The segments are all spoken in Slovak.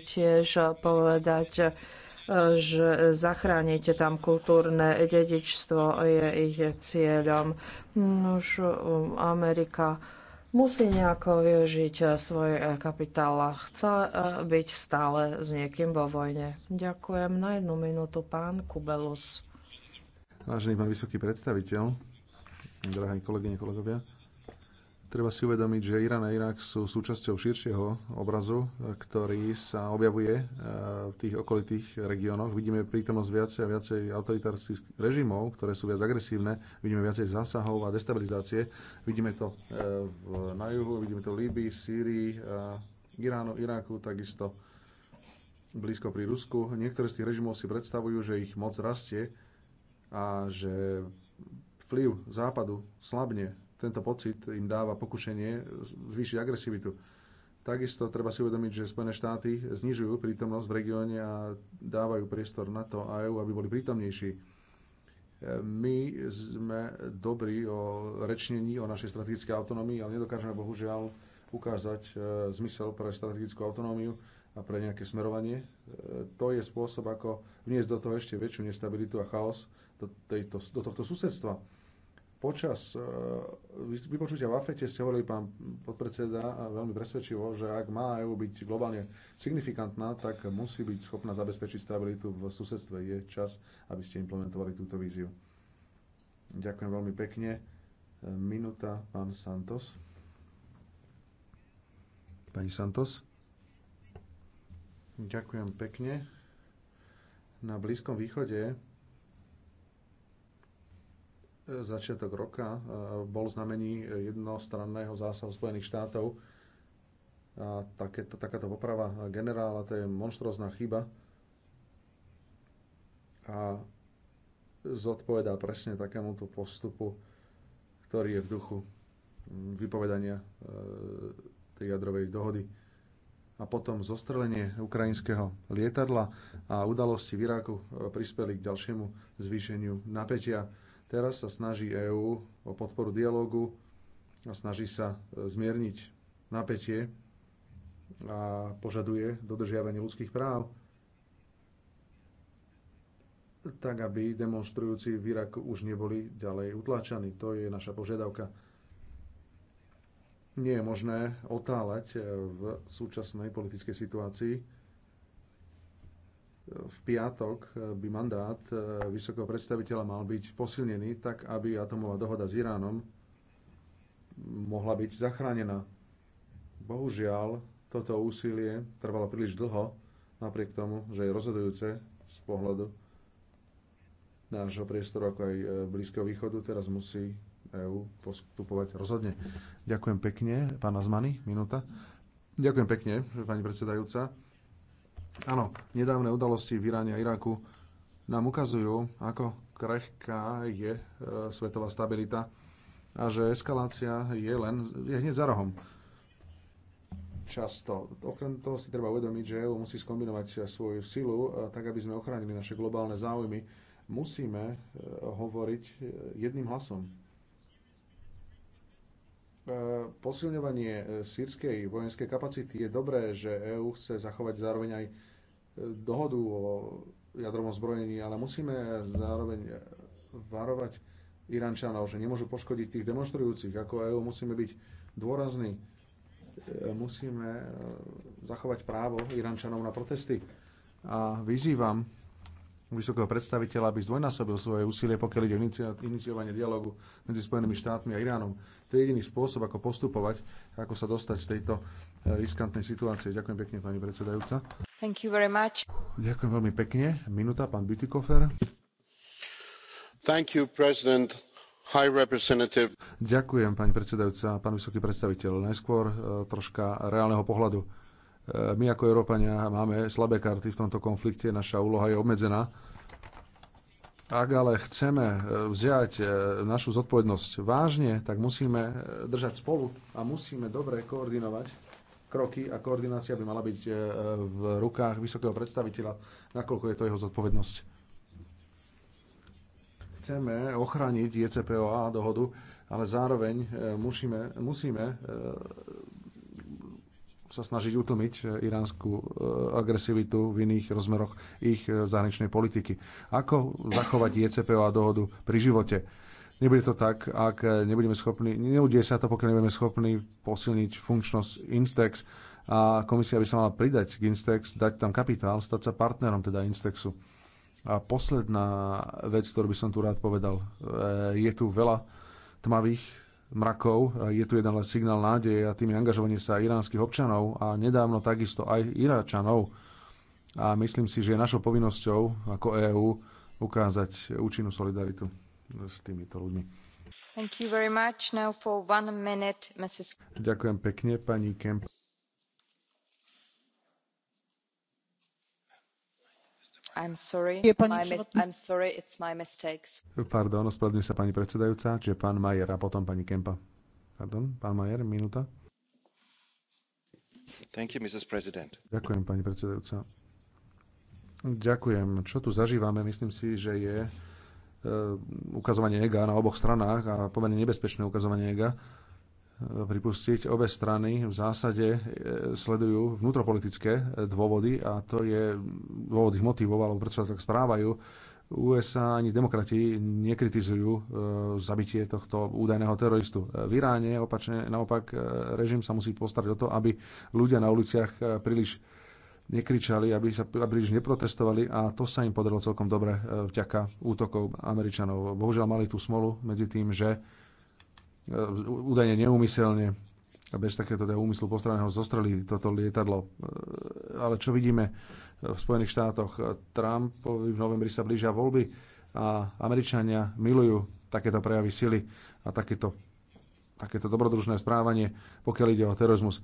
tiež povedať, e, že zachrániť tam kultúrne dedičstvo je ich cieľom. Už e, Amerika musí nejako využiť svoj kapitál a chce e, byť stále s niekým vo vojne. Ďakujem na jednu minútu, pán Kubelus. Vážený pán vysoký predstaviteľ, drahí kolegyne, kolegovia, Treba si uvedomiť, že Irán a Irak sú súčasťou širšieho obrazu, ktorý sa objavuje eh, v tých okolitých regiónoch. Vidíme prítomnosť viacej a viacej autoritárskych režimov, ktoré sú viac agresívne. Vidíme viacej zásahov a destabilizácie. Vidíme to eh, na juhu, vidíme to v Líbii, Sýrii, eh, Iránu, Iraku, takisto blízko pri Rusku. Niektoré z tých režimov si predstavujú, že ich moc rastie a že vplyv západu slabne tento pocit im dáva pokušenie zvýšiť agresivitu. Takisto treba si uvedomiť, že Spojené štáty znižujú prítomnosť v regióne a dávajú priestor na to a EU, aby boli prítomnejší. E, my sme dobrí o rečnení o našej strategickej autonómii, ale nedokážeme bohužiaľ ukázať e, zmysel pre strategickú autonómiu a pre nejaké smerovanie. E, to je spôsob, ako vniesť do toho ešte väčšiu nestabilitu a chaos do, tejto, do tohto susedstva Počas e, vypočutia v Afete ste hovorili, pán podpredseda, veľmi presvedčivo, že ak má EU byť globálne signifikantná, tak musí byť schopná zabezpečiť stabilitu v susedstve. Je čas, aby ste implementovali túto víziu. Ďakujem veľmi pekne. E, minúta, pán Santos. Pani Santos. Ďakujem pekne. Na Blízkom východe začiatok roka e, bol znamení jednostranného zásahu Spojených štátov. A takéto, takáto poprava generála, to je monštrozná chyba. A zodpovedá presne takémuto postupu, ktorý je v duchu vypovedania e, tej jadrovej dohody. A potom zostrelenie ukrajinského lietadla a udalosti v Iráku e, prispeli k ďalšiemu zvýšeniu napätia Teraz sa snaží EÚ o podporu dialógu a snaží sa e, zmierniť napätie a požaduje dodržiavanie ľudských práv, tak aby demonstrujúci v Iraku už neboli ďalej utláčaní. To je naša požiadavka. Nie je možné otáľať e, v súčasnej politickej situácii v piatok e, by mandát e, vysokého predstaviteľa mal byť posilnený tak, aby atomová dohoda s Iránom mohla byť zachránená. Bohužiaľ, toto úsilie trvalo príliš dlho, napriek tomu, že je rozhodujúce z pohľadu nášho priestoru, ako aj e, Blízkeho východu, teraz musí EÚ postupovať rozhodne. Ďakujem pekne, pán Azmany, minúta. Ďakujem pekne, pani predsedajúca Áno, nedávne udalosti v Iráne a Iraku nám ukazujú, ako krehká je e, svetová stabilita a že eskalácia je len je hneď za rohom. Často. Okrem toho si treba uvedomiť, že EU musí skombinovať e, svoju silu, e, tak aby sme ochránili naše globálne záujmy. Musíme e, hovoriť e, jedným hlasom. E, posilňovanie e, sírskej vojenskej kapacity je dobré, že EÚ chce zachovať zároveň aj e, dohodu o jadrovom zbrojení, ale musíme zároveň varovať Irančanov, že nemôžu poškodiť tých demonstrujúcich. Ako EÚ musíme byť dôrazní, musíme zachovať právo Irančanov na protesty. A vyzývam vysokého predstaviteľa, aby zdvojnásobil svoje úsilie, pokiaľ ide o iniciovanie dialogu medzi Spojenými štátmi a Iránom. To je jediný spôsob, ako postupovať, ako sa dostať z tejto eh, riskantnej situácie. Ďakujem pekne, pani predsedajúca. Thank you very much. Ďakujem veľmi pekne. Minúta, pán Bütikofer. Thank you, president. High representative. Ďakujem, pani predsedajúca, pán vysoký predstaviteľ. Najskôr eh, troška reálneho pohľadu E, my ako Európania máme slabé karty v tomto konflikte, naša úloha je obmedzená. Ak ale chceme e, vziať e, našu zodpovednosť vážne, tak musíme držať spolu a musíme dobre koordinovať kroky a koordinácia by mala byť v rukách vysokého predstaviteľa, nakoľko je to jeho zodpovednosť. Chceme ochrániť JCPOA dohodu, ale zároveň musíme, musíme sa snažiť utlmiť e, iránsku e, agresivitu v iných rozmeroch ich e, zahraničnej politiky. Ako zachovať a dohodu pri živote? Nebude to tak, ak nebudeme schopní, neudie sa to, pokiaľ nebudeme schopní posilniť funkčnosť Instex a komisia by sa mala pridať k Instex, dať tam kapitál, stať sa partnerom teda Instexu. A posledná vec, ktorú by som tu rád povedal, je tu veľa tmavých mrakov. Je tu jeden signál nádeje a tým je angažovanie sa iránskych občanov a nedávno takisto aj Iráčanov. A myslím si, že je našou povinnosťou ako EÚ ukázať účinnú solidaritu s týmito ľuďmi. Thank you very much. Now for one minute, Mrs. Ďakujem pekne, pani Kemp. Pardon, ospravedlňujem sa pani predsedajúca, čiže pán Majer a potom pani Kempa. Pardon, pán Majer, minúta. Thank you, Mrs. President. Ďakujem, pani predsedajúca. Ďakujem. Čo tu zažívame, myslím si, že je e, ukazovanie ega na oboch stranách a pomerne nebezpečné ukazovanie ega pripustiť. Obe strany v zásade e, sledujú vnútropolitické e, dôvody a to je dôvod ich motivov, alebo prečo sa tak správajú. USA ani demokrati nekritizujú e, zabitie tohto údajného teroristu. V Iráne opačne, naopak režim sa musí postarať o to, aby ľudia na uliciach príliš nekričali, aby sa príliš neprotestovali a to sa im podarilo celkom dobre vďaka útokov Američanov. Bohužiaľ mali tú smolu medzi tým, že E, údajne neúmyselne a bez takéto teda úmyslu postraného zostreli toto lietadlo. E, ale čo vidíme e, v Spojených štátoch, Trumpovi v novembri sa blížia voľby a Američania milujú takéto prejavy sily a takéto, takéto dobrodružné správanie, pokiaľ ide o terorizmus.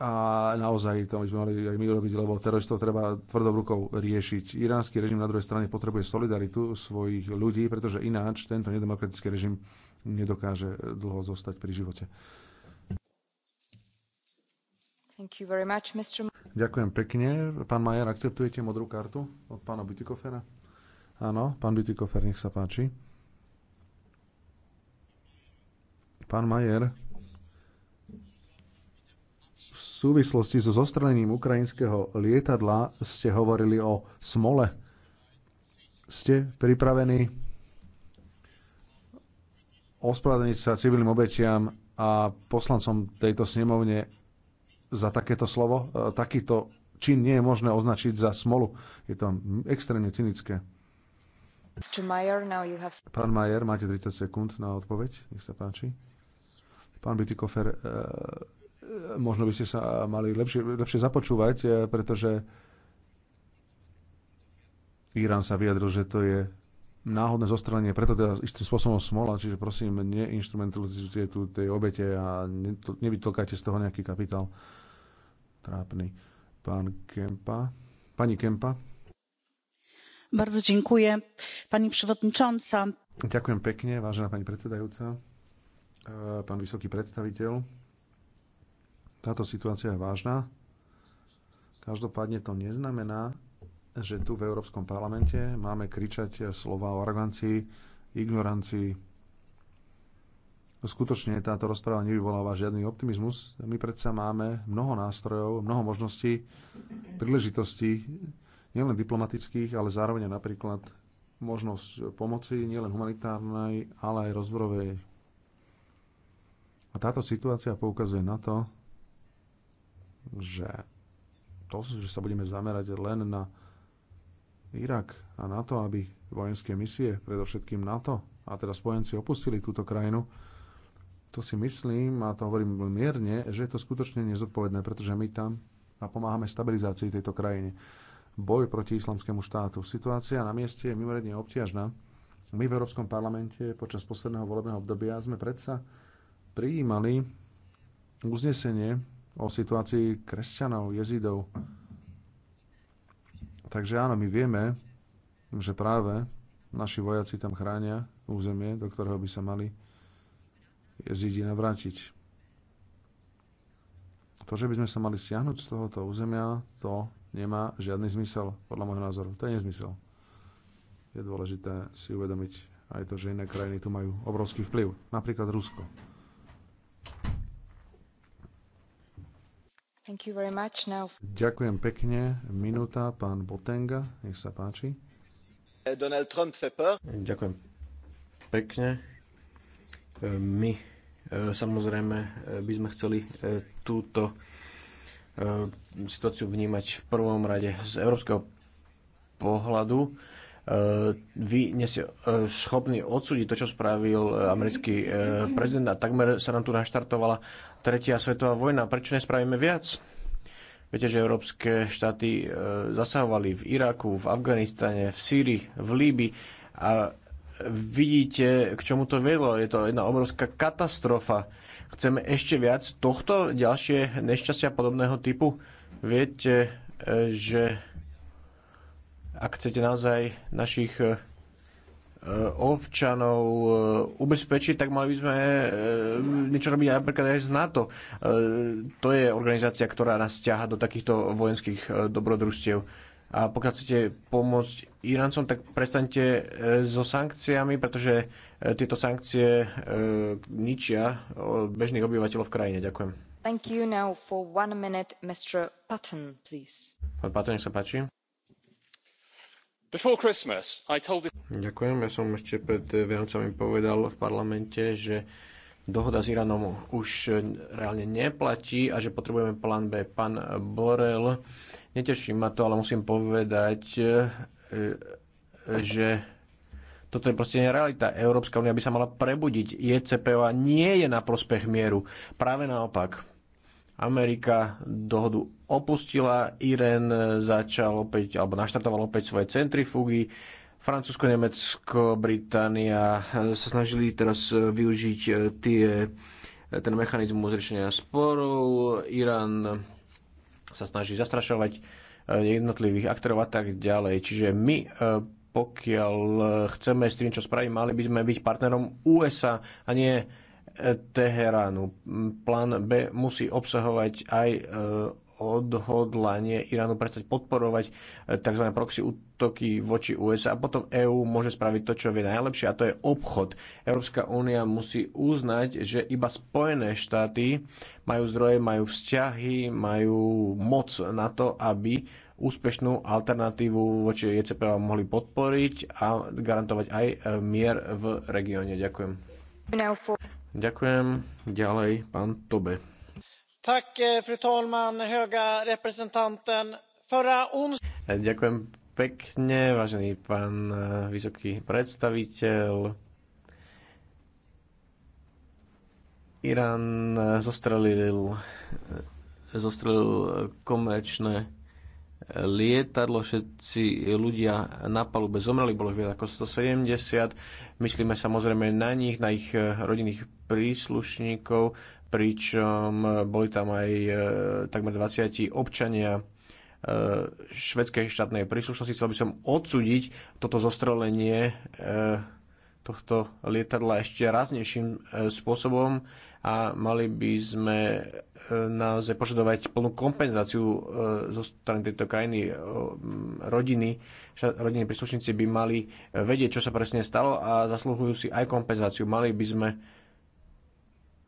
A naozaj to by sme mali aj my robiť, lebo teroristov treba tvrdou rukou riešiť. Iránsky režim na druhej strane potrebuje solidaritu svojich ľudí, pretože ináč tento nedemokratický režim nedokáže dlho zostať pri živote. Much, Ďakujem pekne. Pán Majer, akceptujete modrú kartu od pána Bytikofera? Áno, pán Bytikofer, nech sa páči. Pán Majer, v súvislosti so zostrelením ukrajinského lietadla ste hovorili o smole. Ste pripravení ospravedlniť sa civilným obetiam a poslancom tejto snemovne za takéto slovo. E, takýto čin nie je možné označiť za smolu. Je to extrémne cynické. Pán Majer, máte 30 sekúnd na odpoveď. Nech sa páči. Pán Bytikofer, e, e, možno by ste sa mali lepšie, lepšie započúvať, pretože Irán sa vyjadril, že to je náhodné zostrelenie, preto teda istým spôsobom smola, čiže prosím, neinstrumentalizujte tu tej obete a nevytlkajte z toho nejaký kapitál trápny. Pán Kempa. Pani Kempa. Bardzo dziękuję, pani przewodnicząca. Ďakujem pekne, vážená pani predsedajúca, e, pán vysoký predstaviteľ. Táto situácia je vážna. Každopádne to neznamená, že tu v Európskom parlamente máme kričať slova o arogancii, ignorancii. Skutočne táto rozpráva nevyvoláva žiadny optimizmus. My predsa máme mnoho nástrojov, mnoho možností, príležitostí, nielen diplomatických, ale zároveň napríklad možnosť pomoci, nielen humanitárnej, ale aj rozborovej. A táto situácia poukazuje na to, že to, že sa budeme zamerať len na Irak a na to, aby vojenské misie, predovšetkým NATO a teda spojenci opustili túto krajinu, to si myslím, a to hovorím mierne, že je to skutočne nezodpovedné, pretože my tam napomáhame stabilizácii tejto krajiny. Boj proti islamskému štátu. Situácia na mieste je mimoriadne obťažná. My v Európskom parlamente počas posledného volebného obdobia sme predsa prijímali uznesenie o situácii kresťanov, jezidov, Takže áno, my vieme, že práve naši vojaci tam chránia územie, do ktorého by sa mali jezidi navrátiť. To, že by sme sa mali stiahnuť z tohoto územia, to nemá žiadny zmysel, podľa môjho názoru. To je nezmysel. Je dôležité si uvedomiť aj to, že iné krajiny tu majú obrovský vplyv. Napríklad Rusko. Ďakujem pekne. Minúta, pán Botenga, nech sa páči. Donald Trump fait peur. Ďakujem pekne. My e, samozrejme e, by sme chceli e, túto situáciu vnímať v prvom rade z európskeho pohľadu Eh, vy nie ste eh, schopní odsúdiť to, čo spravil eh, americký prezident a takmer sa nám tu naštartovala tretia svetová vojna. Prečo nespravíme viac? Viete, že európske štáty zasahovali v Iraku, v Afganistane, v Sýrii, v Líbii a vidíte, k čomu to vedlo. Je to jedna obrovská katastrofa. Chceme ešte viac tohto ďalšie nešťastia podobného typu. Viete, že ak chcete naozaj našich e, občanov e, ubezpečiť, tak mali by sme e, niečo robiť napríklad aj z NATO. To je organizácia, ktorá nás ťaha do takýchto vojenských dobrodružstiev. A pokiaľ chcete pomôcť Iráncom, tak prestaňte so sankciami, pretože tieto sankcie ničia bežných obyvateľov v krajine. Ďakujem. Thank you now for one minute, Mr. Patton, please. Pán Patton, nech sa páči Ďakujem. Ja som ešte pred Vianocami povedal v parlamente, že dohoda s Iránom už reálne neplatí a že potrebujeme plán B. Pán Borel, neteší ma to, ale musím povedať, e, že toto je proste nerealita. Európska únia by sa mala prebudiť. a nie je na prospech mieru. Práve naopak. Amerika dohodu opustila, Irén začal opäť, alebo naštartoval opäť svoje centrifugy, Francúzsko, Nemecko, Británia sa snažili teraz využiť eh, tie, eh, ten mechanizmus riešenia sporov, Irán sa snaží zastrašovať eh, jednotlivých aktorov a tak ďalej. Čiže my pokiaľ chceme s tým, čo spraviť, mali by sme byť partnerom USA a nie Teheránu. Plán B musí obsahovať aj e, odhodlanie Iránu prestať podporovať e, tzv. proxy útoky voči USA a potom EÚ môže spraviť to, čo vie najlepšie a to je obchod. Európska únia musí uznať, že iba Spojené štáty majú zdroje, majú vzťahy, majú moc na to, aby úspešnú alternatívu voči ECP mohli podporiť a garantovať aj e, mier v regióne. Ďakujem. Ďakujem. Ďalej pán Tobe. Tak, eh, fru talman, höga representanten. Förra eh, Ďakujem pekne, vážený pán eh, vysoký predstaviteľ. Irán zostrelil, zostrelil komerčné lietadlo, všetci ľudia na palube zomreli, bolo viac ako 170. Myslíme samozrejme na nich, na ich eh, rodinných príslušníkov, pričom eh, boli tam aj eh, takmer 20 občania švedskej štátnej príslušnosti. Chcel by som odsúdiť toto zostrelenie tohto lietadla ešte raznejším e, spôsobom a mali by sme e, naozaj požadovať plnú kompenzáciu e, zo strany tejto krajiny. Rodiny, rodiny príslušníci by mali vedieť, čo sa presne stalo a zaslúhujú si aj kompenzáciu. Mali by sme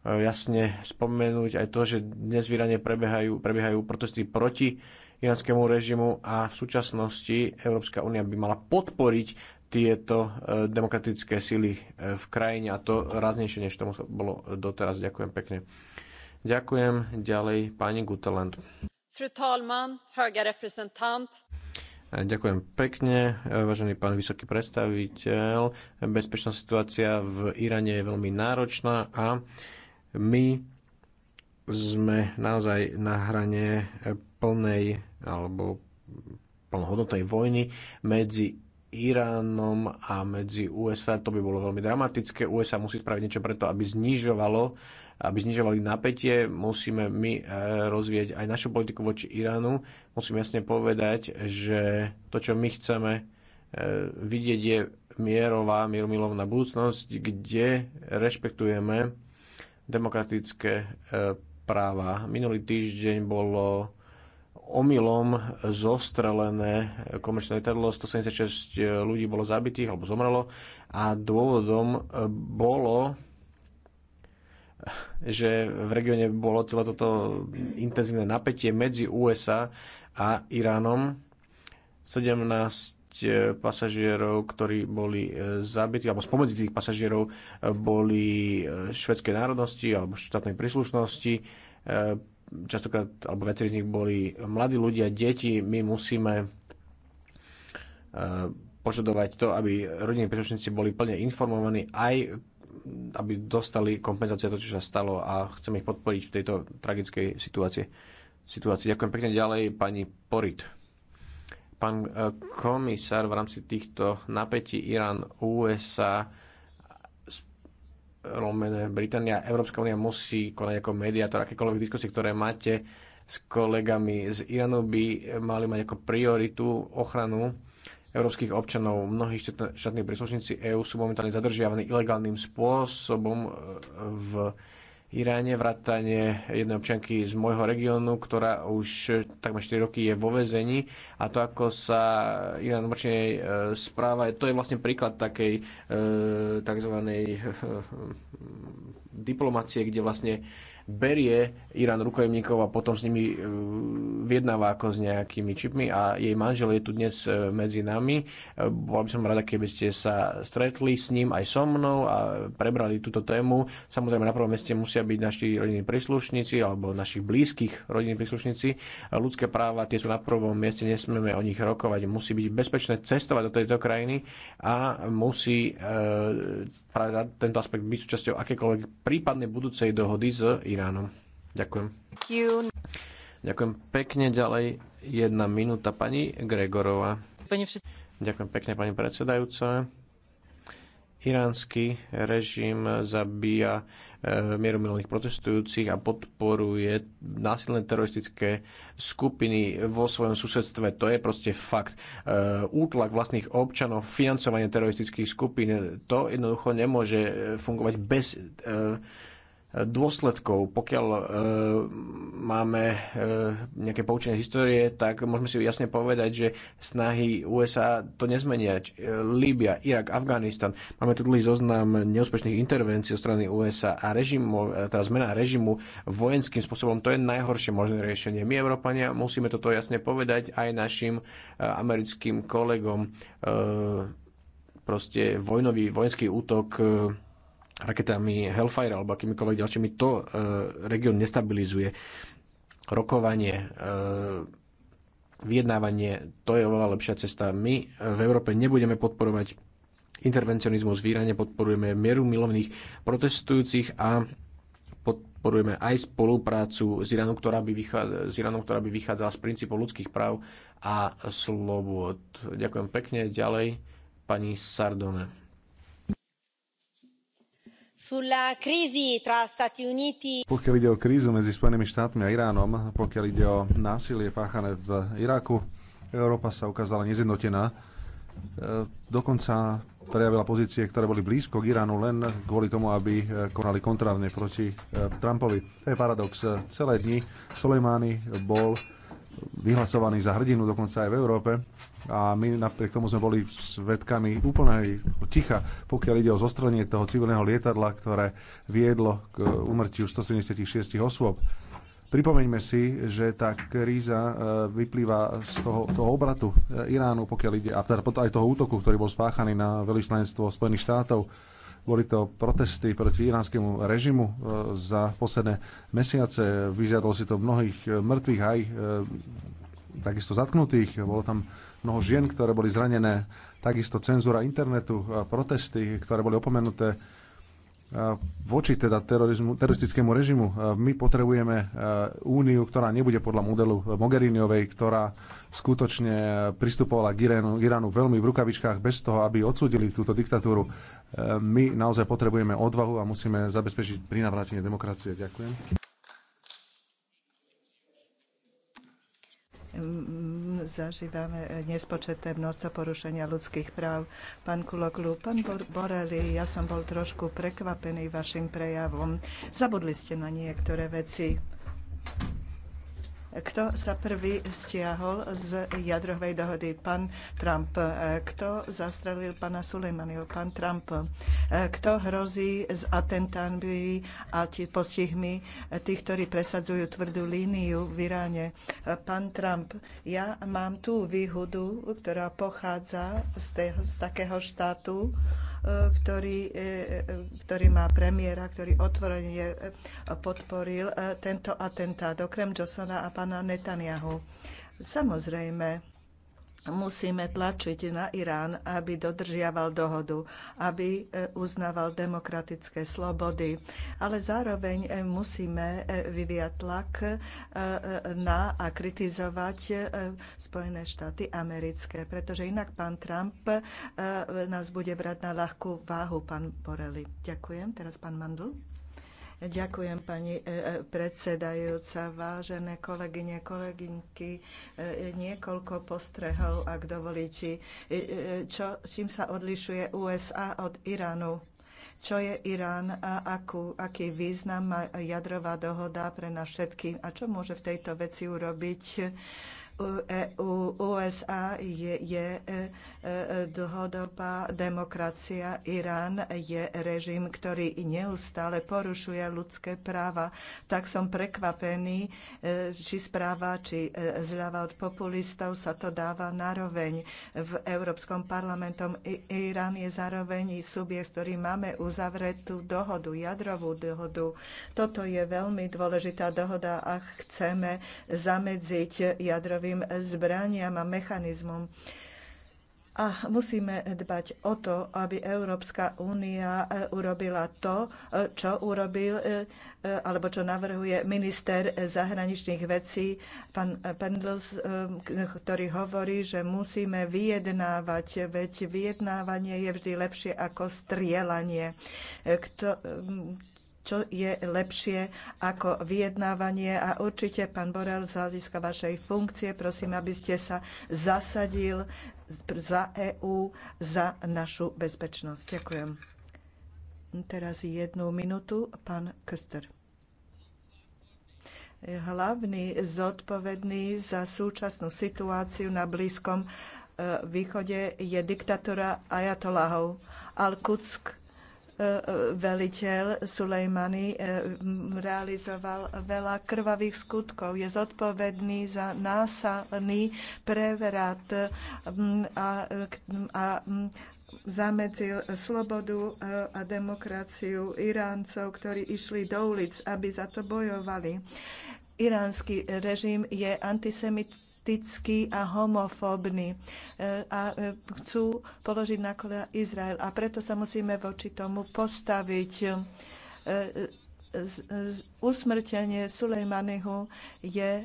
jasne spomenúť aj to, že dnes v Iráne prebiehajú, prebiehajú protesty proti iránskému režimu a v súčasnosti Európska únia by mala podporiť tieto e, demokratické sily e, v krajine a to raznejšie, než tomu bolo doteraz. Ďakujem pekne. Ďakujem. Ďalej pani Guteland. Fru talman, höga e, Ďakujem pekne, vážený pán vysoký predstaviteľ. Bezpečná situácia v Iráne je veľmi náročná a my sme naozaj na hrane plnej alebo plnohodnotnej vojny medzi Iránom a medzi USA. To by bolo veľmi dramatické. USA musí spraviť niečo preto, aby znižovalo aby znižovali napätie, musíme my eh, rozvieť aj našu politiku voči Iránu. Musím jasne povedať, že to, čo my chceme eh, vidieť, je mierová, mieromilovná budúcnosť, kde rešpektujeme demokratické eh, práva. Minulý týždeň bolo omylom zostrelené komerčné letadlo. 176 e, ľudí bolo zabitých alebo zomrelo a dôvodom e, bolo že v regióne bolo celé toto intenzívne napätie medzi USA a Iránom. 17 e, pasažierov, ktorí boli zabití, alebo spomedzi tých pasažierov boli švedskej národnosti alebo štátnej príslušnosti častokrát, alebo viacerí z nich boli mladí ľudia, deti, my musíme e, požadovať to, aby rodinní príslušníci boli plne informovaní aj aby dostali kompenzácie to, čo sa stalo a chceme ich podporiť v tejto tragickej situácii. situácii. Ďakujem pekne ďalej pani Porit. Pán e, komisár, v rámci týchto napätí Irán-USA Romene, Británia, Európska únia musí konať ako mediátor. Akékoľvek diskusie, ktoré máte s kolegami z Iránu, by mali mať ako prioritu ochranu európskych občanov. Mnohí štátni príslušníci EÚ sú momentálne zadržiavaní ilegálnym spôsobom e, v Iráne, vrátane jednej občanky z môjho regiónu, ktorá už takmer 4 roky je vo väzení a to, ako sa Irán voči e, správa, to je vlastne príklad takej e, tzv. E, diplomacie, kde vlastne berie Irán rukojemníkov a potom s nimi e, vyjednáva ako s nejakými čipmi a jej manžel je tu dnes e, medzi nami. E, bola by som rada, keby ste sa stretli s ním aj so mnou a prebrali túto tému. Samozrejme, na prvom meste musia byť naši rodinní príslušníci alebo našich blízkych rodinní príslušníci. Ľudské práva, tie sú na prvom mieste, nesmieme o nich rokovať. Musí byť bezpečné cestovať do tejto krajiny a musí práve tento aspekt byť súčasťou akékoľvek prípadnej budúcej dohody s Iránom. Ďakujem. Ďakujem pekne. Ďalej jedna minúta pani Gregorová. Ďakujem pekne, pani predsedajúca. Iránsky režim zabíja e, mierumilovných protestujúcich a podporuje násilné teroristické skupiny vo svojom susedstve. To je proste fakt. E, útlak vlastných občanov, financovanie teroristických skupín, to jednoducho nemôže fungovať bez e, dôsledkov. Pokiaľ e, máme e, nejaké poučené histórie, tak môžeme si jasne povedať, že snahy USA to nezmenia. e, Líbia, Irak, Afganistan. Máme tu dlhý zoznam neúspešných intervencií zo strany USA a režimu, e, teda zmena režimu vojenským spôsobom. To je najhoršie možné riešenie. My, Európania, musíme toto jasne povedať aj našim e, americkým kolegom. E, proste vojnový, vojenský útok e, raketami Hellfire alebo akýmikoľvek ďalšími, to e, región nestabilizuje. Rokovanie, e, vyjednávanie, to je oveľa lepšia cesta. My v Európe nebudeme podporovať intervencionizmus v Iráne, podporujeme mieru milovných protestujúcich a podporujeme aj spoluprácu s Iránom, ktorá by, vychádza, s Iránom, ktorá by vychádzala z princípov ľudských práv a slobod. Ďakujem pekne. Ďalej pani Sardone. Pokiaľ ide o krízu medzi Spojenými štátmi a Iránom, pokiaľ ide o násilie páchané v Iraku, Európa sa ukázala nezjednotená. E, dokonca prejavila pozície, ktoré boli blízko k Iránu len kvôli tomu, aby e, konali kontrávne proti e, Trumpovi. To je paradox. Celé dni Soleimani bol vyhlasovaný za hrdinu dokonca aj v Európe. A my napriek tomu sme boli svetkami úplne ticha, pokiaľ ide o zostrelenie toho civilného lietadla, ktoré viedlo k umrtiu 176 osôb. Pripomeňme si, že tá kríza e, vyplýva z toho, toho obratu e, Iránu, pokiaľ ide, a teda aj toho útoku, ktorý bol spáchaný na veľvyslanectvo Spojených štátov boli to protesty proti iránskému režimu e, za posledné mesiace. Vyžiadalo si to mnohých e, mŕtvych aj e, takisto zatknutých. Bolo tam mnoho žien, ktoré boli zranené. Takisto cenzúra internetu, protesty, ktoré boli opomenuté voči teda terorizmu, teroristickému režimu. My potrebujeme e, úniu, ktorá nebude podľa modelu Mogheriniovej, ktorá skutočne e, pristupovala k Iránu, Iránu veľmi v rukavičkách bez toho, aby odsúdili túto diktatúru. E, my naozaj potrebujeme odvahu a musíme zabezpečiť prinavrátenie demokracie. Ďakujem. Hm, zažívame e, nespočetné množstvo porušenia ľudských práv. Pán Kuloglu, pán Borelli, ja som bol trošku prekvapený vašim prejavom. Zabudli ste na niektoré veci. Kto sa prvý stiahol z jadrovej dohody? Pán Trump. Kto zastrelil pána Sulejmaniho? Pán Trump. Kto hrozí s atentánmi a postihmi tých, ktorí presadzujú tvrdú líniu v Iráne? Pán Trump. Ja mám tú výhodu, ktorá pochádza z, tého, z takého štátu, ktorý, e, e, ktorý má premiéra, ktorý otvorene e, podporil tento atentát, okrem Johnsona a pána Netanyahu. Samozrejme, musíme tlačiť na Irán, aby dodržiaval dohodu, aby e, uznával demokratické slobody, ale zároveň e, musíme e, vyviať tlak na a kritizovať Spojené štáty americké, pretože inak pán Trump nás bude brať na ľahkú váhu, pán Borelli. Ďakujem. Teraz pán Mandl. Ďakujem, pani e, e, predsedajúca, vážené kolegyne, kolegynky. E, niekoľko postrehov, ak dovolíte. Čo, čím sa odlišuje USA od Iránu? čo je Irán a akú, aký význam má jadrová dohoda pre nás všetkých a čo môže v tejto veci urobiť E, USA je, je e, e, dlhodobá demokracia, Irán je režim, ktorý neustále porušuje ľudské práva. Tak som prekvapený, či správa, či zľava od populistov sa to dáva naroveň. V Európskom parlamentom Irán je zároveň subjekt, ktorý máme uzavretú dohodu, jadrovú dohodu. Toto je veľmi dôležitá dohoda, ak chceme zamedziť jadrový jadrovým zbraniam a mechanizmom. A musíme dbať o to, aby Európska únia e, urobila to, e, čo urobil e, alebo čo navrhuje minister zahraničných vecí, pán Pendles, ktorý hovorí, že musíme vyjednávať, veď vyjednávanie je vždy lepšie ako strielanie. Kto, čo je lepšie ako vyjednávanie a určite, pán Borel, z hľadiska vašej funkcie, prosím, aby ste sa zasadil za EÚ, za našu bezpečnosť. Ďakujem. Teraz jednu minútu, pán Köster hlavný zodpovedný za súčasnú situáciu na Blízkom e, východe je diktatúra ajatolahov. Al-Kutsk E, e, veliteľ Sulejmany e, realizoval veľa krvavých skutkov. Je zodpovedný za násalný prevrat a, a zamedzil slobodu a demokraciu Iráncov, ktorí išli do ulic, aby za to bojovali. Iránsky režim je antisemitický rasistický a homofóbny e, a e, chcú položiť na kolena Izrael. A preto sa musíme voči tomu postaviť e, usmrtenie Sulejmanihu je e,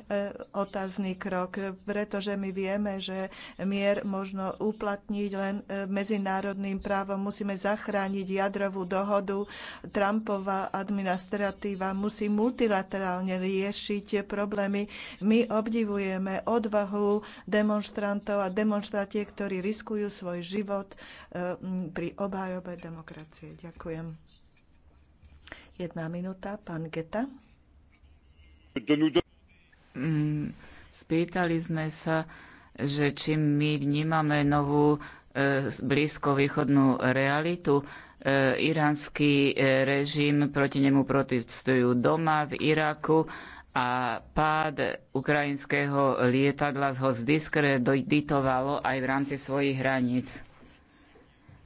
otázny krok, pretože my vieme, že mier možno uplatniť len e, medzinárodným právom. Musíme zachrániť jadrovú dohodu. Trumpová administratíva musí multilaterálne riešiť problémy. My obdivujeme odvahu demonstrantov a demonstratie, ktorí riskujú svoj život e, pri obhajobe demokracie. Ďakujem. Jedna minúta, pán Geta. Mm, spýtali sme sa, že či my vnímame novú e, blízkovýchodnú realitu. E, iránsky e, režim, proti nemu protestujú doma v Iraku a pád ukrajinského lietadla ho zdiskreditovalo aj v rámci svojich hraníc.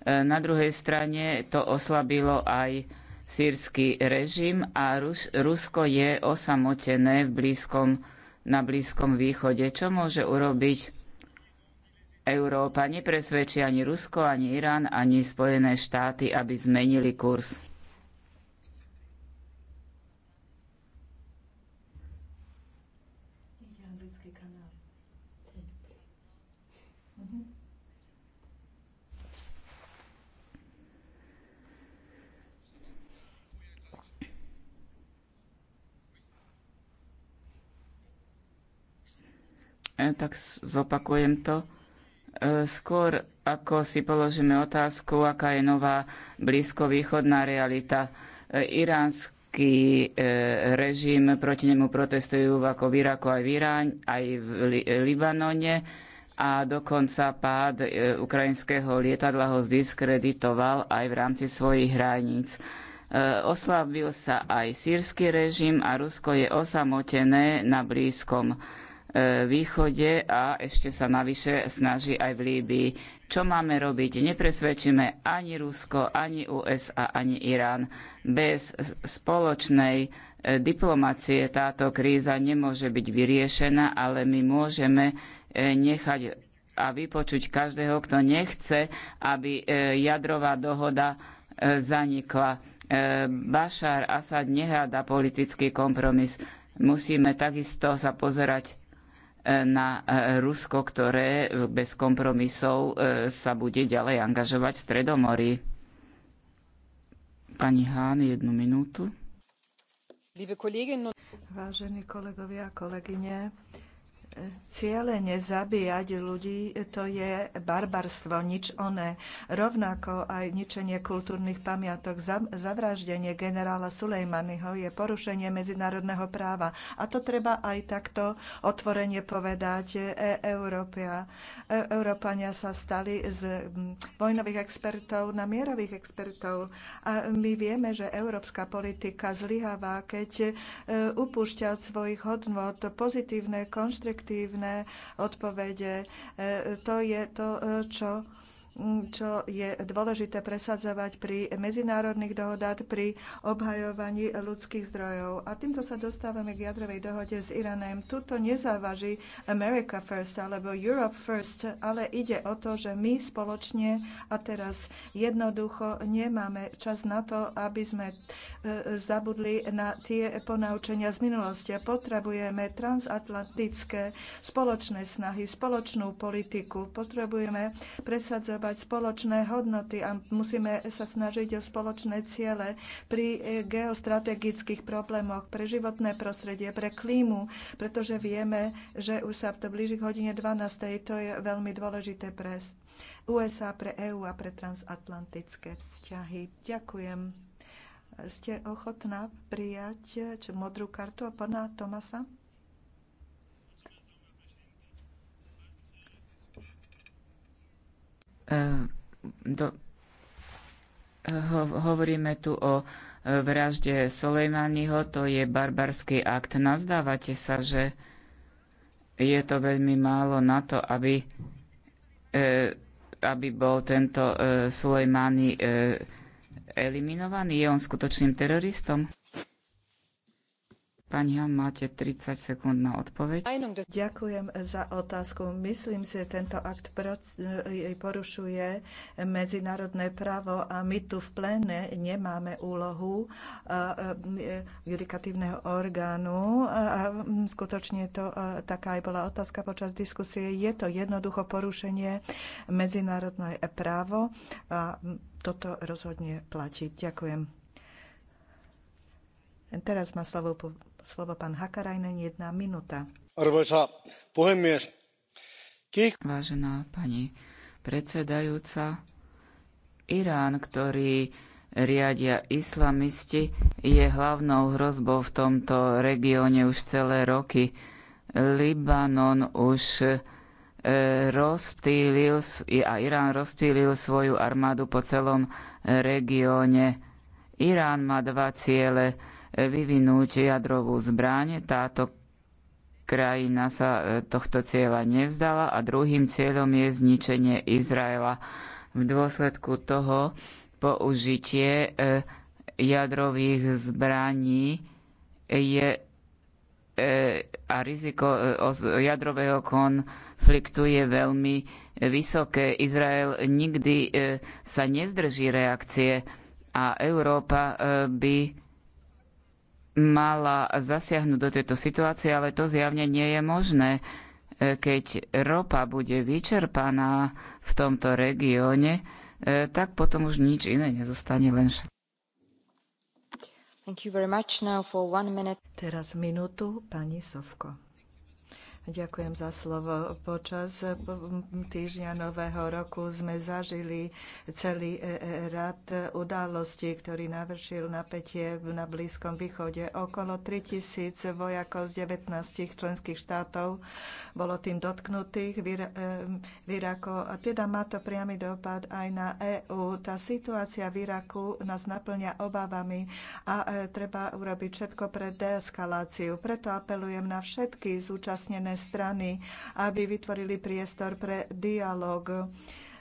E, na druhej strane to oslabilo aj sírsky režim a Rus- Rusko je osamotené v blízkom, na Blízkom východe. Čo môže urobiť Európa? Nepresvedčí ani Rusko, ani Irán, ani Spojené štáty, aby zmenili kurz. E, tak zopakujem to. E, skôr ako si položíme otázku, aká je nová blízkovýchodná realita, e, Iránsky režim, proti nemu protestujú ako v Iraku aj v Iráne, aj v Libanone a dokonca pád ukrajinského lietadla ho zdiskreditoval aj v rámci svojich hraníc. Oslabil sa aj sírsky režim a Rusko je osamotené na Blízkom východe a ešte sa navyše snaží aj v Líbii. Čo máme robiť? Nepresvedčíme ani Rusko, ani USA, ani Irán. Bez spoločnej e, diplomácie táto kríza nemôže byť vyriešená, ale my môžeme e, nechať a vypočuť každého, kto nechce, aby e, jadrová dohoda zanikla. Bašár Asad nehľada politický kompromis. Musíme takisto sa pozerať E, na e, Rusko, ktoré bez kompromisov e, sa bude ďalej angažovať v Stredomorí. Pani Hán, jednu minútu. Vážení kolegovia a kolegyne, Cieľene zabíjať ľudí to je barbarstvo, nič oné. Rovnako aj ničenie kultúrnych pamiatok, zavraždenie generála Sulejmanyho je porušenie medzinárodného práva. A to treba aj takto otvorene povedať. E, Európia. E, Európania sa stali z vojnových expertov na mierových expertov. A my vieme, že európska politika zlyháva, keď e, upúšťa od svojich hodnot pozitívne konštrukcie efektívne odpovede. E, to je to, e, čo čo je dôležité presadzovať pri medzinárodných dohodách, pri obhajovaní ľudských zdrojov. A týmto sa dostávame k jadrovej dohode s Iranem. Tuto nezávaží America First alebo Europe First, ale ide o to, že my spoločne a teraz jednoducho nemáme čas na to, aby sme e, zabudli na tie ponaučenia z minulosti. Potrebujeme transatlantické spoločné snahy, spoločnú politiku. Potrebujeme presadzovať vyjednávať spoločné hodnoty a musíme sa snažiť o spoločné ciele pri eh, geostrategických problémoch, pre životné prostredie, pre klímu, pretože vieme, že už sa to blíži k hodine 12. To je veľmi dôležité pre USA, pre EÚ a pre transatlantické vzťahy. Ďakujem. Ste ochotná prijať eh, modrú kartu a pána Tomasa? E, do, e, ho, hovoríme tu o e, vražde Solejmaniho, to je barbarský akt. Nazdávate sa, že je to veľmi málo na to, aby, e, aby bol tento e, Sulejmani e, eliminovaný? Je on skutočným teroristom? Pani Han, máte 30 sekúnd na odpoveď. Ďakujem za otázku. Myslím si, že tento akt porušuje medzinárodné právo a my tu v pléne nemáme úlohu judikatívneho orgánu. skutočne to taká aj bola otázka počas diskusie. Je to jednoducho porušenie medzinárodné právo a toto rozhodne platí. Ďakujem. Teraz má slovo, slovo pán Hakarajnen, jedna minúta. Arvoisa puhemies. Kih... Vážená pani predsedajúca, Irán, ktorý riadia islamisti, je hlavnou hrozbou v tomto regióne už celé roky. Libanon už e, rozptýlil a Irán rozptýlil svoju armádu po celom regióne. Irán má dva ciele vyvinúť jadrovú zbraň. Táto krajina sa e, tohto cieľa nevzdala a druhým cieľom je zničenie Izraela. V dôsledku toho použitie e, jadrových zbraní je e, a riziko jadrového konfliktu je veľmi vysoké. Izrael nikdy sa nezdrží reakcie a Európa by mala zasiahnuť do tejto situácie, ale to zjavne nie je možné. E, keď ropa bude vyčerpaná v tomto regióne, e, tak potom už nič iné nezostane, len Thank you very much. Now for one minute. Teraz minútu, pani Sovko. Ďakujem za slovo. Počas eh, týždňa Nového roku sme zažili celý eh, eh, rad udalostí, ktorý navršil napätie na Blízkom východe. Okolo 3000 vojakov z 19 členských štátov bolo tým dotknutých v Iraku. A teda má to priamy dopad aj na EÚ. Tá situácia v Iraku nás naplňa obavami a treba urobiť všetko pre deeskaláciu. Preto apelujem na všetky zúčastnené strany, aby vytvorili priestor pre dialog.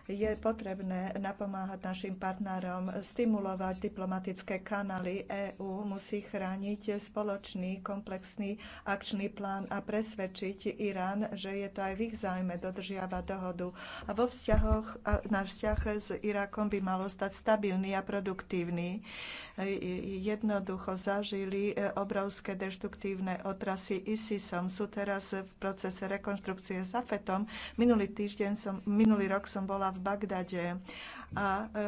Je potrebné napomáhať našim partnerom, stimulovať diplomatické kanály. EÚ musí chrániť spoločný komplexný akčný plán a presvedčiť Irán, že je to aj v ich zájme dodržiavať dohodu. A vo vzťahoch, náš vzťah s Irakom by malo stať stabilný a produktívny. Jednoducho zažili obrovské deštruktívne otrasy ISISom. Sú teraz v procese rekonštrukcie s AFETom. Minulý týždeň som, minulý rok som bola v Bagdade. A, e, e,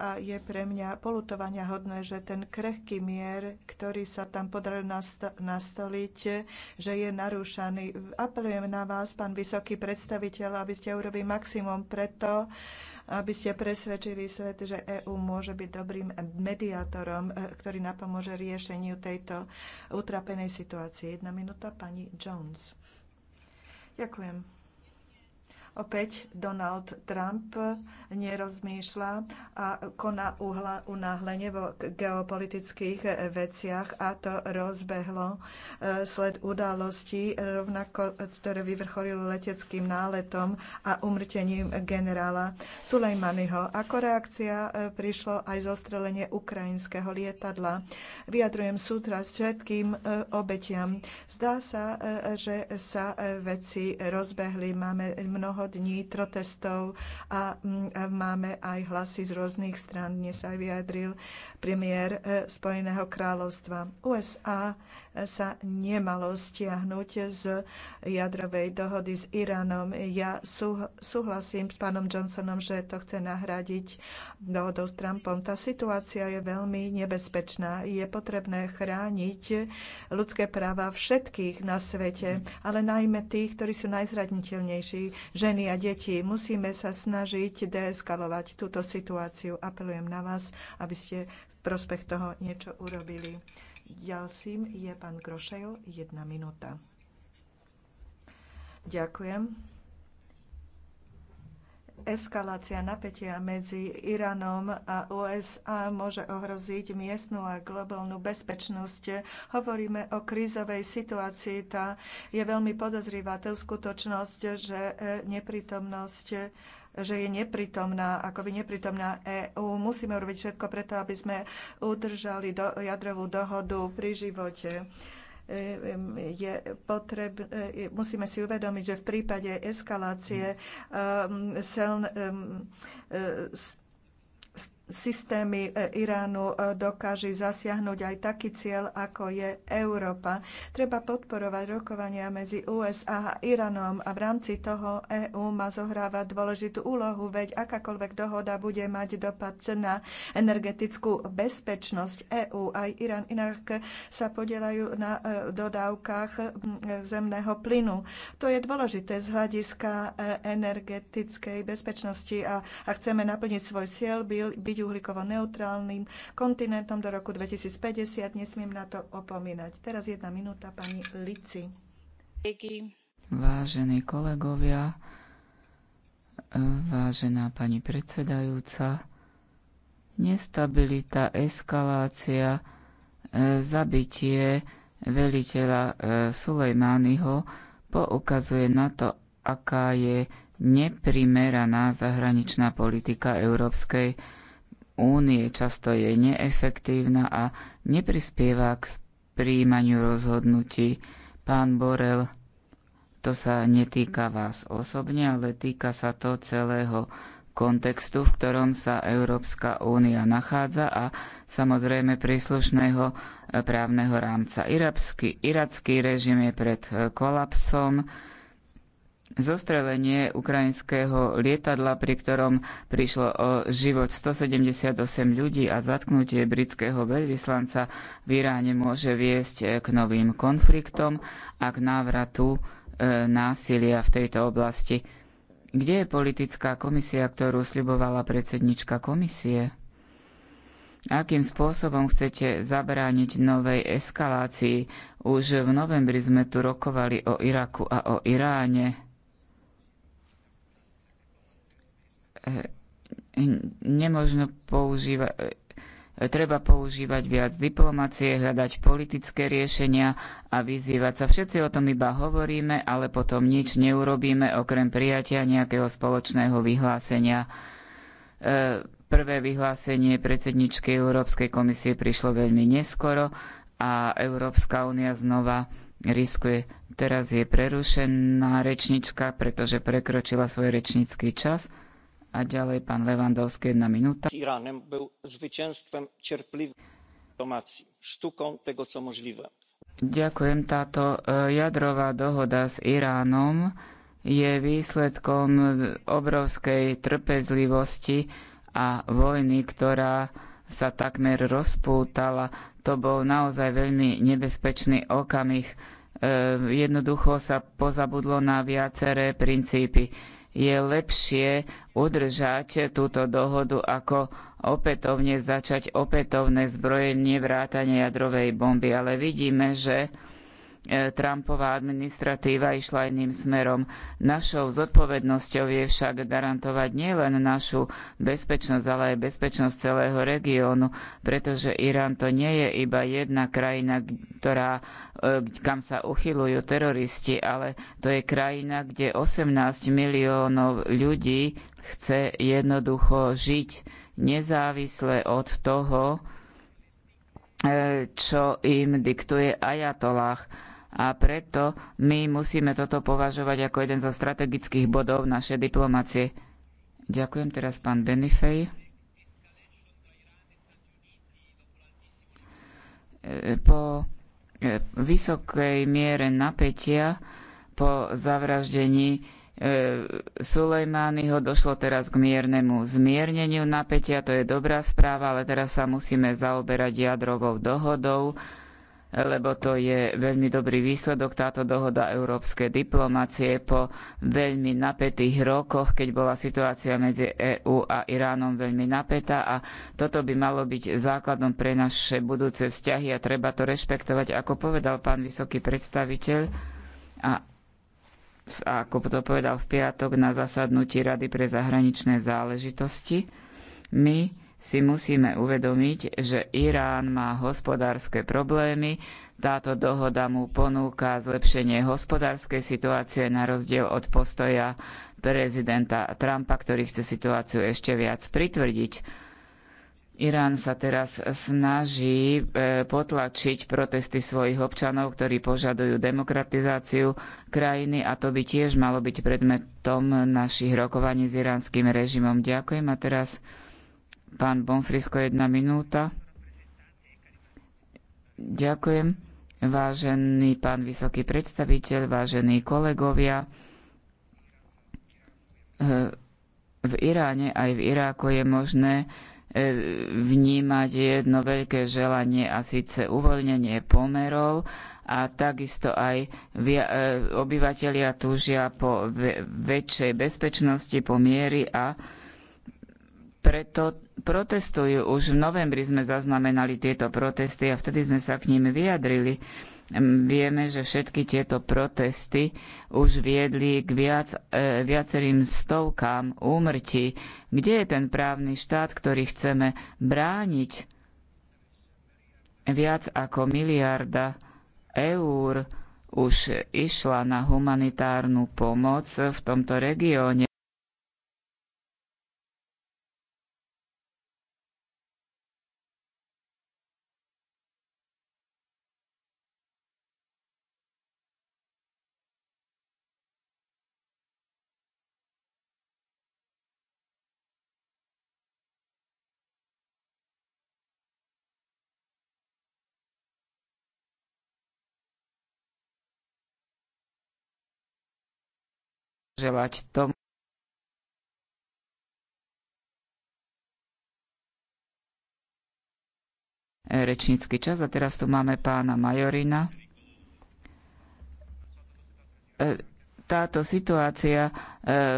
a je pre mňa polutovania hodné, že ten krehký mier, ktorý sa tam podaril nastoliť, že je narúšaný. Apelujem na vás, pán vysoký predstaviteľ, aby ste urobili maximum preto, aby ste presvedčili svet, že EÚ môže byť dobrým mediátorom, e, ktorý napomôže riešeniu tejto utrapenej situácie. Jedna minúta, pani Jones. Ďakujem. Opäť Donald Trump nerozmýšľa a koná unáhlenie vo geopolitických veciach a to rozbehlo e, sled udalostí, rovnako, ktoré vyvrcholilo leteckým náletom a umrtením generála Sulejmanyho. Ako reakcia e, prišlo aj zostrelenie ukrajinského lietadla. Vyjadrujem sútra všetkým e, obetiam. Zdá sa, že sa veci rozbehli. Máme mnoho od nitrotestov mm, a máme aj hlasy z rôznych strán. Dnes aj vyjadril premiér e, Spojeného kráľovstva USA sa nemalo stiahnuť z jadrovej dohody s Iránom. Ja súhlasím s pánom Johnsonom, že to chce nahradiť dohodou s Trumpom. Tá situácia je veľmi nebezpečná. Je potrebné chrániť ľudské práva všetkých na svete, ale najmä tých, ktorí sú najzradniteľnejší, ženy a deti. Musíme sa snažiť deeskalovať túto situáciu. Apelujem na vás, aby ste v prospech toho niečo urobili. Ďalším je pán Grošejl, jedna minúta. Ďakujem. Eskalácia napätia medzi Iránom a USA môže ohroziť miestnu a globálnu bezpečnosť. Hovoríme o krízovej situácii. Tá je veľmi podozrivá tú skutočnosť, že e, neprítomnosť že je neprítomná, akoby neprítomná EÚ. Musíme urobiť všetko preto, aby sme udržali do, jadrovú dohodu pri živote je potreb, musíme si uvedomiť, že v prípade eskalácie um, sel, um, uh, systémy e, Iránu e, dokáže zasiahnuť aj taký cieľ, ako je Európa. Treba podporovať rokovania medzi USA a Iránom a v rámci toho EÚ má zohrávať dôležitú úlohu, veď akákoľvek dohoda bude mať dopad na energetickú bezpečnosť EÚ. Aj Irán inak sa podielajú na e, dodávkach zemného plynu. To je dôležité z hľadiska energetickej bezpečnosti a, ak chceme naplniť svoj cieľ, byť byť uhlíkovo neutrálnym kontinentom do roku 2050. Nesmiem na to opomínať. Teraz jedna minúta pani Lici. Vážení kolegovia, vážená pani predsedajúca, nestabilita, eskalácia, e, zabitie veliteľa e, Sulejmányho poukazuje na to, aká je neprimeraná zahraničná politika Európskej únie, často je neefektívna a neprispieva k príjmaniu rozhodnutí. Pán Borel, to sa netýka vás osobne, ale týka sa to celého kontextu, v ktorom sa Európska únia nachádza a samozrejme príslušného eh, právneho rámca. iracký režim je pred eh, kolapsom, zostrelenie ukrajinského lietadla, pri ktorom prišlo o život 178 ľudí a zatknutie britského veľvyslanca v Iráne môže viesť eh, k novým konfliktom a k návratu eh, násilia v tejto oblasti. Kde je politická komisia, ktorú slibovala predsednička komisie? Akým spôsobom chcete zabrániť novej eskalácii? Už v novembri sme tu rokovali o Iraku a o Iráne. nemožno používať e, treba používať viac diplomacie, hľadať politické riešenia a vyzývať sa. Všetci o tom iba hovoríme, ale potom nič neurobíme okrem prijatia nejakého spoločného vyhlásenia. E, prvé vyhlásenie predsedničky Európskej komisie prišlo veľmi neskoro a Európska únia znova riskuje. Teraz je prerušená rečnička, pretože prekročila svoj rečnícky čas. A ďalej pán Levandovský, jedna minúta. Iránem bol zvyčenstvom cierpliwej diplomacji, sztuką tego, co možlivé. Ďakujem. Táto e, jadrová dohoda s Iránom je výsledkom obrovskej trpezlivosti a vojny, ktorá sa takmer rozpútala. To bol naozaj veľmi nebezpečný okamih. E, jednoducho sa pozabudlo na viaceré princípy je lepšie udržať túto dohodu, ako opätovne začať opätovné zbrojenie vrátane jadrovej bomby. Ale vidíme, že E, Trumpová administratíva išla iným smerom. Našou zodpovednosťou je však garantovať nielen našu bezpečnosť, ale aj bezpečnosť celého regiónu, pretože Irán to nie je iba jedna krajina, ktorá, e, kam sa uchylujú teroristi, ale to je krajina, kde 18 miliónov ľudí chce jednoducho žiť nezávisle od toho, e, čo im diktuje ajatolách a preto my musíme toto považovať ako jeden zo strategických bodov našej diplomácie. Ďakujem teraz pán Benifej. Po e, vysokej miere napätia po zavraždení e, Sulejmányho došlo teraz k miernemu zmierneniu napätia, to je dobrá správa, ale teraz sa musíme zaoberať jadrovou dohodou lebo to je veľmi dobrý výsledok táto dohoda európskej diplomácie po veľmi napätých rokoch, keď bola situácia medzi EÚ a Iránom veľmi napätá a toto by malo byť základom pre naše budúce vzťahy a treba to rešpektovať, ako povedal pán vysoký predstaviteľ a, a ako to povedal v piatok na zasadnutí Rady pre zahraničné záležitosti. My si musíme uvedomiť, že Irán má hospodárske problémy. Táto dohoda mu ponúka zlepšenie hospodárskej situácie na rozdiel od postoja prezidenta Trumpa, ktorý chce situáciu ešte viac pritvrdiť. Irán sa teraz snaží e, potlačiť protesty svojich občanov, ktorí požadujú demokratizáciu krajiny a to by tiež malo byť predmetom našich rokovaní s iránskym režimom. Ďakujem a teraz Pán Bonfrisko, jedna minúta. Ďakujem. Vážený pán vysoký predstaviteľ, vážení kolegovia, eh, v Iráne aj v Iráku je možné eh, vnímať jedno veľké želanie a síce uvoľnenie pomerov a takisto aj eh, obyvateľia túžia po väčšej bezpečnosti, po miery a preto protestujú. Už v novembri sme zaznamenali tieto protesty a vtedy sme sa k ním vyjadrili. Mm, vieme, že všetky tieto protesty už viedli k viac, e, viacerým stovkám úmrtí. Kde je ten právny štát, ktorý chceme brániť? Viac ako miliarda eur už išla na humanitárnu pomoc v tomto regióne. želať tomu, rečnícky čas. A teraz tu máme pána Majorina. E, táto situácia e,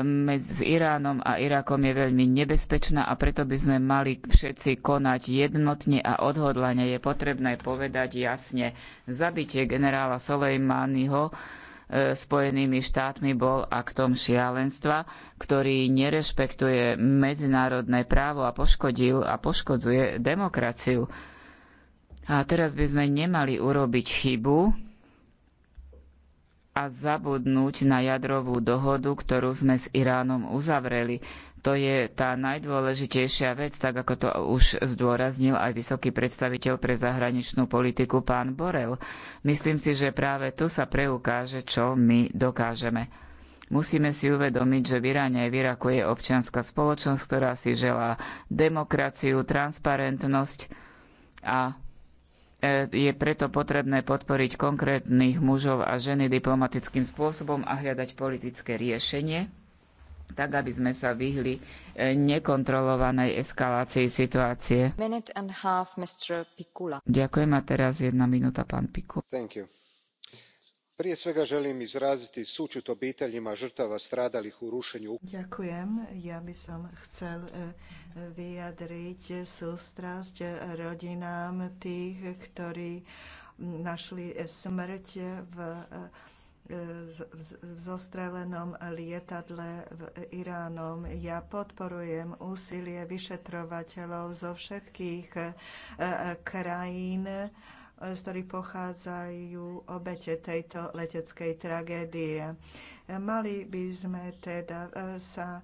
medzi Iránom a Irakom je veľmi nebezpečná a preto by sme mali všetci konať jednotne a odhodlane. Je potrebné povedať jasne, zabitie generála Soleimányho Spojenými štátmi bol aktom šialenstva, ktorý nerešpektuje medzinárodné právo a poškodil a poškodzuje demokraciu. A teraz by sme nemali urobiť chybu a zabudnúť na jadrovú dohodu, ktorú sme s Iránom uzavreli to je tá najdôležitejšia vec, tak ako to už zdôraznil aj vysoký predstaviteľ pre zahraničnú politiku pán Borel. Myslím si, že práve tu sa preukáže, čo my dokážeme. Musíme si uvedomiť, že v Iráne aj v Iraku je občianská spoločnosť, ktorá si želá demokraciu, transparentnosť a e, je preto potrebné podporiť konkrétnych mužov a ženy diplomatickým spôsobom a hľadať politické riešenie tak aby sme sa vyhli e, nekontrolovanej eskalácii situácie. Half, Ďakujem a teraz jedna minúta, pán Pikula. Prije svega želim izraziti obiteljima žrtava stradalih u rušenju. Ďakujem. Ja by som chcel e, vyjadriť sústrasť rodinám tých, ktorí našli smrť v e, v zostrelenom lietadle v Iránom. Ja podporujem úsilie vyšetrovateľov zo všetkých e, krajín, e, z ktorých pochádzajú obete tejto leteckej tragédie. Mali by sme teda e, sa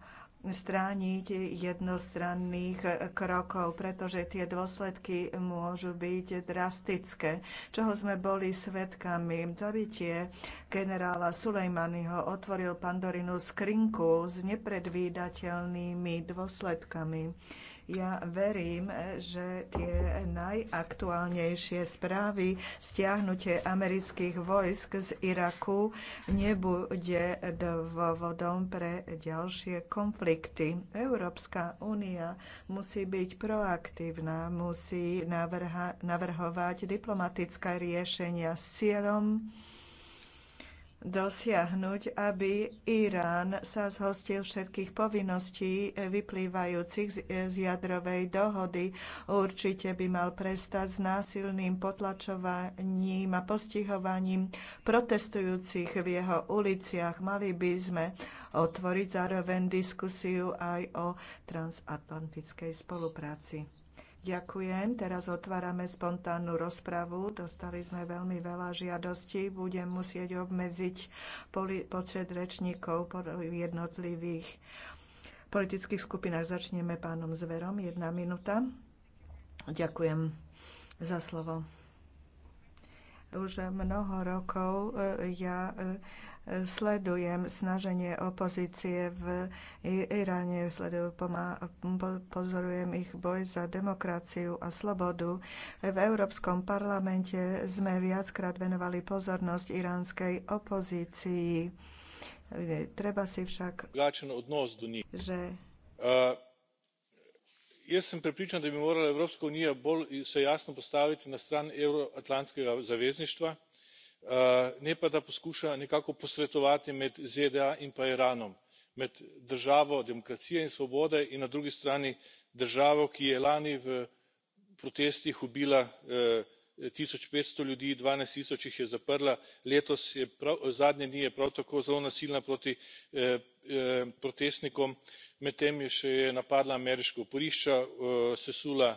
strániť jednostranných krokov, pretože tie dôsledky môžu byť drastické, čoho sme boli svetkami. Zabitie generála Sulejmanyho otvoril Pandorinu skrinku s nepredvídateľnými dôsledkami. Ja verím, e, že tie najaktuálnejšie správy stiahnutie amerických vojsk z Iraku nebude dôvodom pre ďalšie konflikty. Európska únia musí byť proaktívna, musí navrha- navrhovať diplomatické riešenia s cieľom dosiahnuť, aby Irán sa zhostil všetkých povinností vyplývajúcich z jadrovej dohody. Určite by mal prestať s násilným potlačovaním a postihovaním protestujúcich v jeho uliciach. Mali by sme otvoriť zároveň diskusiu aj o transatlantickej spolupráci. Ďakujem. Teraz otvárame spontánnu rozpravu. Dostali sme veľmi veľa žiadostí. Budem musieť obmedziť počet rečníkov v jednotlivých politických skupinách. Začneme pánom Zverom. Jedna minúta. Ďakujem za slovo. Už mnoho rokov e, ja e, sledujem snaženie opozície v Iráne, pozorujem ich boj za demokraciu a slobodu. V Európskom parlamente sme viackrát venovali pozornosť iránskej opozícii. Treba si však... odnos do njih. Že... Uh, jaz sem prepričan, da bi morala Evropska unija bolj se jasno postaviti na stran euroatlantskega zavezništva Eh, ne pa da poskuša nekako posredovati med zda in pa iranom med državo demokracije in svobode in na drugi strani državo ki je lani v protestih ubila eh, tisoč petsto ljudi dvanajst tisoč jih je zaprla letos je zadnje dni je prav tako zelo nasilna proti eh, protestnikom medtem je še napadla ameriška oporišča sesula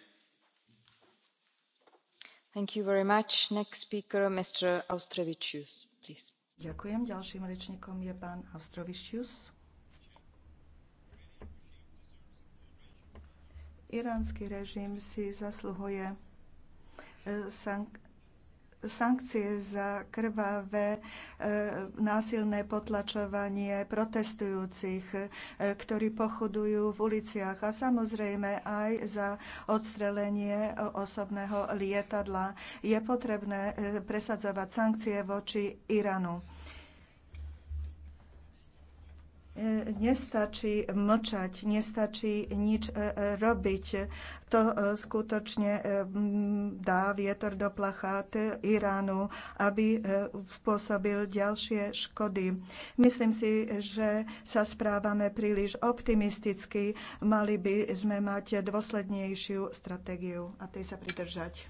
Speaker, Ďakujem. Ďalším rečníkom je pán Austrovičius. Iránsky režim si zasluhuje eh, sank- sankcie za krvavé e, násilné potlačovanie protestujúcich, e, ktorí pochodujú v uliciach a samozrejme aj za odstrelenie osobného lietadla. Je potrebné e, presadzovať sankcie voči Iránu. E, nestačí mlčať, nestačí nič e, e, robiť. To skutočne dá vietor do plachát Iránu, aby spôsobil ďalšie škody. Myslím si, že sa správame príliš optimisticky. Mali by sme mať dôslednejšiu stratégiu a tej sa pridržať.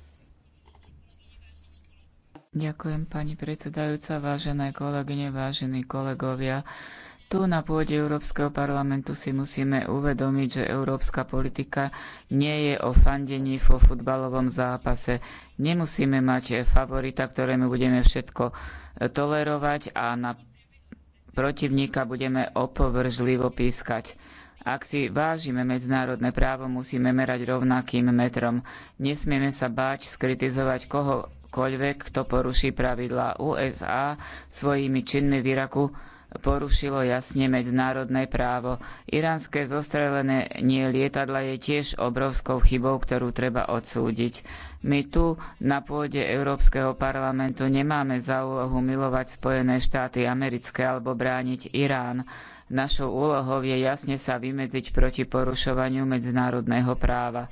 Ďakujem pani predsedajúca, vážené kolegyne, vážení kolegovia. Tu na pôde Európskeho parlamentu si musíme uvedomiť, že európska politika nie je o fandení vo futbalovom zápase. Nemusíme mať favorita, ktorému budeme všetko e, tolerovať a na protivníka budeme opovržlivo pískať. Ak si vážime medzinárodné právo, musíme merať rovnakým metrom. Nesmieme sa báť skritizovať kohokoľvek, kto poruší pravidlá USA svojimi činmi v Iraku porušilo jasne medzinárodné právo. Iránske nie lietadla je tiež obrovskou chybou, ktorú treba odsúdiť. My tu na pôde Európskeho parlamentu nemáme za úlohu milovať Spojené štáty americké alebo brániť Irán. Našou úlohou je jasne sa vymedziť proti porušovaniu medzinárodného práva.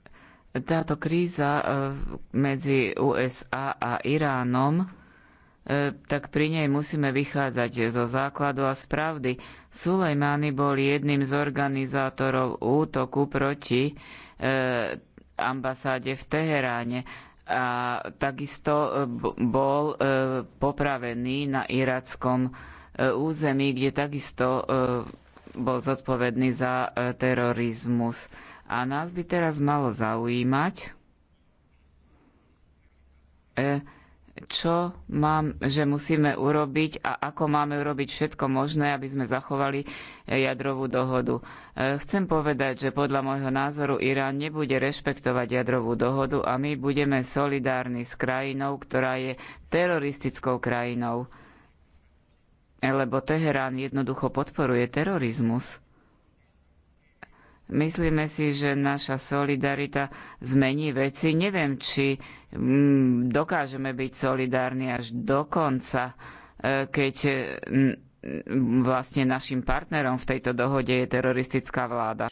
táto kríza e, medzi USA a Iránom, e, tak pri nej musíme vychádzať zo základu a z pravdy. Sulejmány bol jedným z organizátorov útoku proti e, ambasáde v Teheráne a takisto bol popravený na irackom území, kde takisto bol zodpovedný za terorizmus. A nás by teraz malo zaujímať, e, čo mám, že musíme urobiť a ako máme urobiť všetko možné, aby sme zachovali e, jadrovú dohodu. E, chcem povedať, že podľa môjho názoru Irán nebude rešpektovať jadrovú dohodu a my budeme solidárni s krajinou, ktorá je teroristickou krajinou. Lebo Teherán jednoducho podporuje terorizmus. Myslíme si, že naša solidarita zmení veci. Neviem, či mm, dokážeme byť solidárni až do konca, e, keď vlastne našim partnerom v tejto dohode je teroristická vláda.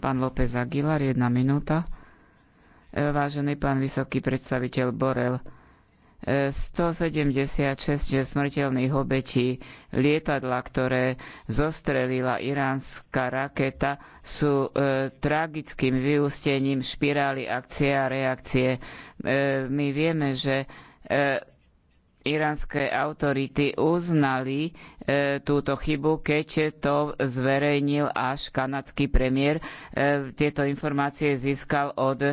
Pán López Aguilar, jedna minúta. E, vážený pán vysoký predstaviteľ Borel, 176 smrteľných obetí lietadla, ktoré zostrelila iránska raketa, sú e, tragickým vyústením špirály akcie a reakcie. E, my vieme, že e, iránske autority uznali e, túto chybu, keď to zverejnil až kanadský premiér. E, tieto informácie získal od e,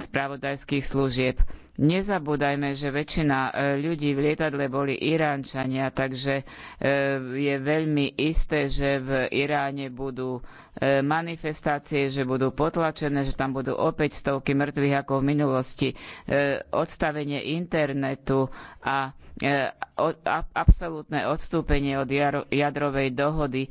spravodajských služieb Nezabúdajme, že väčšina e, ľudí v lietadle boli Iránčania, takže e, je veľmi isté, že v Iráne budú E, manifestácie, že budú potlačené, že tam budú opäť stovky mŕtvych ako v minulosti, e, odstavenie internetu e, a absolútne odstúpenie od jadrovej dohody.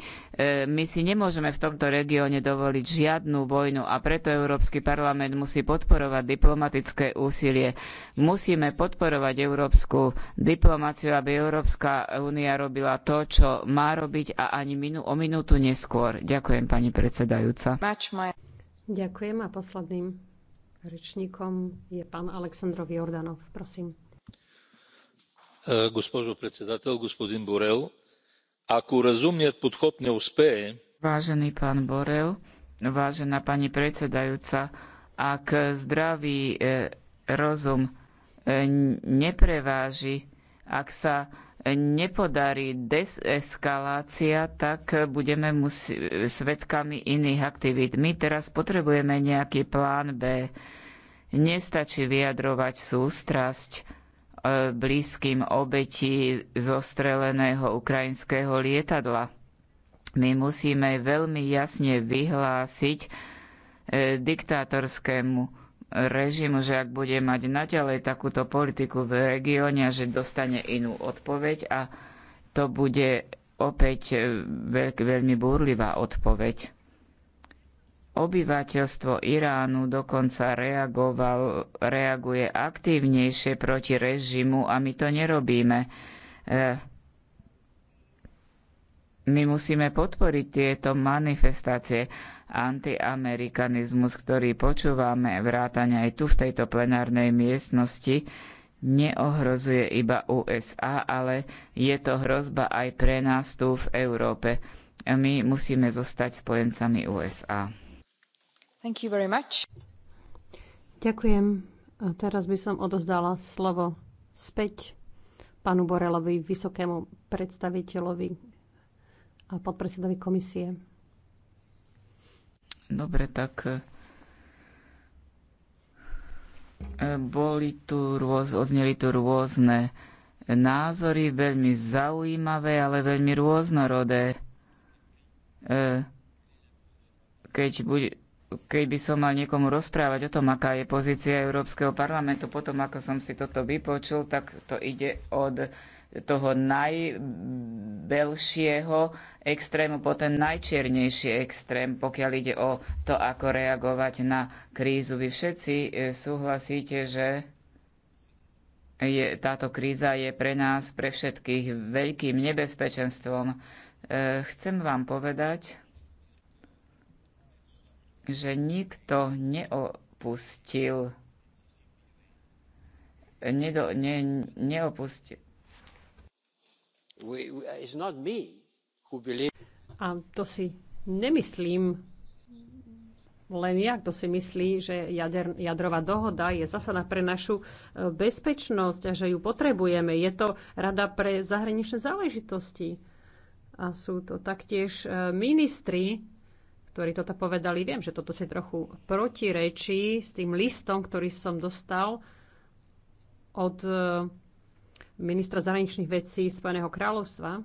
My si nemôžeme v tomto regióne dovoliť žiadnu vojnu a preto Európsky parlament musí podporovať diplomatické úsilie. Musíme podporovať európsku diplomáciu, aby Európska únia robila to, čo má robiť a ani o minútu neskôr. Ďakujem, pani predsedajúca. Ďakujem a posledným rečníkom je pán Aleksandrov Jordanov. Prosím. Госпожо председател, господин Борел, ако разумният подход не успее... Vážený pán Borel, vážená pani predsedajúca, ak zdravý e, rozum e, nepreváži, ak sa nepodarí deseskalácia, tak budeme musi- svetkami iných aktivít. My teraz potrebujeme nejaký plán B. Nestačí vyjadrovať sústrasť e, blízkym obetí zostreleného ukrajinského lietadla. My musíme veľmi jasne vyhlásiť e, diktátorskému režimu, že ak bude mať naďalej takúto politiku v regióne, že dostane inú odpoveď a to bude opäť e, veľk, veľmi búrlivá odpoveď. Obyvateľstvo Iránu dokonca reagoval, reaguje aktívnejšie proti režimu a my to nerobíme. E, my musíme podporiť tieto manifestácie antiamerikanizmus, ktorý počúvame vrátane aj tu v tejto plenárnej miestnosti, neohrozuje iba USA, ale je to hrozba aj pre nás tu v Európe. My musíme zostať spojencami USA. Thank you very much. Ďakujem. A teraz by som odozdala slovo späť panu Borelovi, vysokému predstaviteľovi a podpredsedovi komisie. Dobre, tak e, boli tu rôz, odzneli tu rôzne názory, veľmi zaujímavé, ale veľmi rôznorodé. E, keď, buď, keď by som mal niekomu rozprávať o tom, aká je pozícia Európskeho parlamentu, potom ako som si toto vypočul, tak to ide od toho najbelšieho extrému po ten najčiernejší extrém, pokiaľ ide o to, ako reagovať na krízu. Vy všetci e, súhlasíte, že je, táto kríza je pre nás, pre všetkých, veľkým nebezpečenstvom. E, chcem vám povedať, že nikto neopustil, nedo, ne, neopustil a to si nemyslím len ja, kto si myslí, že jader, jadrová dohoda je zasada pre našu e, bezpečnosť a že ju potrebujeme. Je to Rada pre zahraničné záležitosti. A sú to taktiež e, ministri, ktorí toto povedali. Viem, že toto si trochu protirečí s tým listom, ktorý som dostal od e, ministra zahraničných vecí Spojeného kráľovstva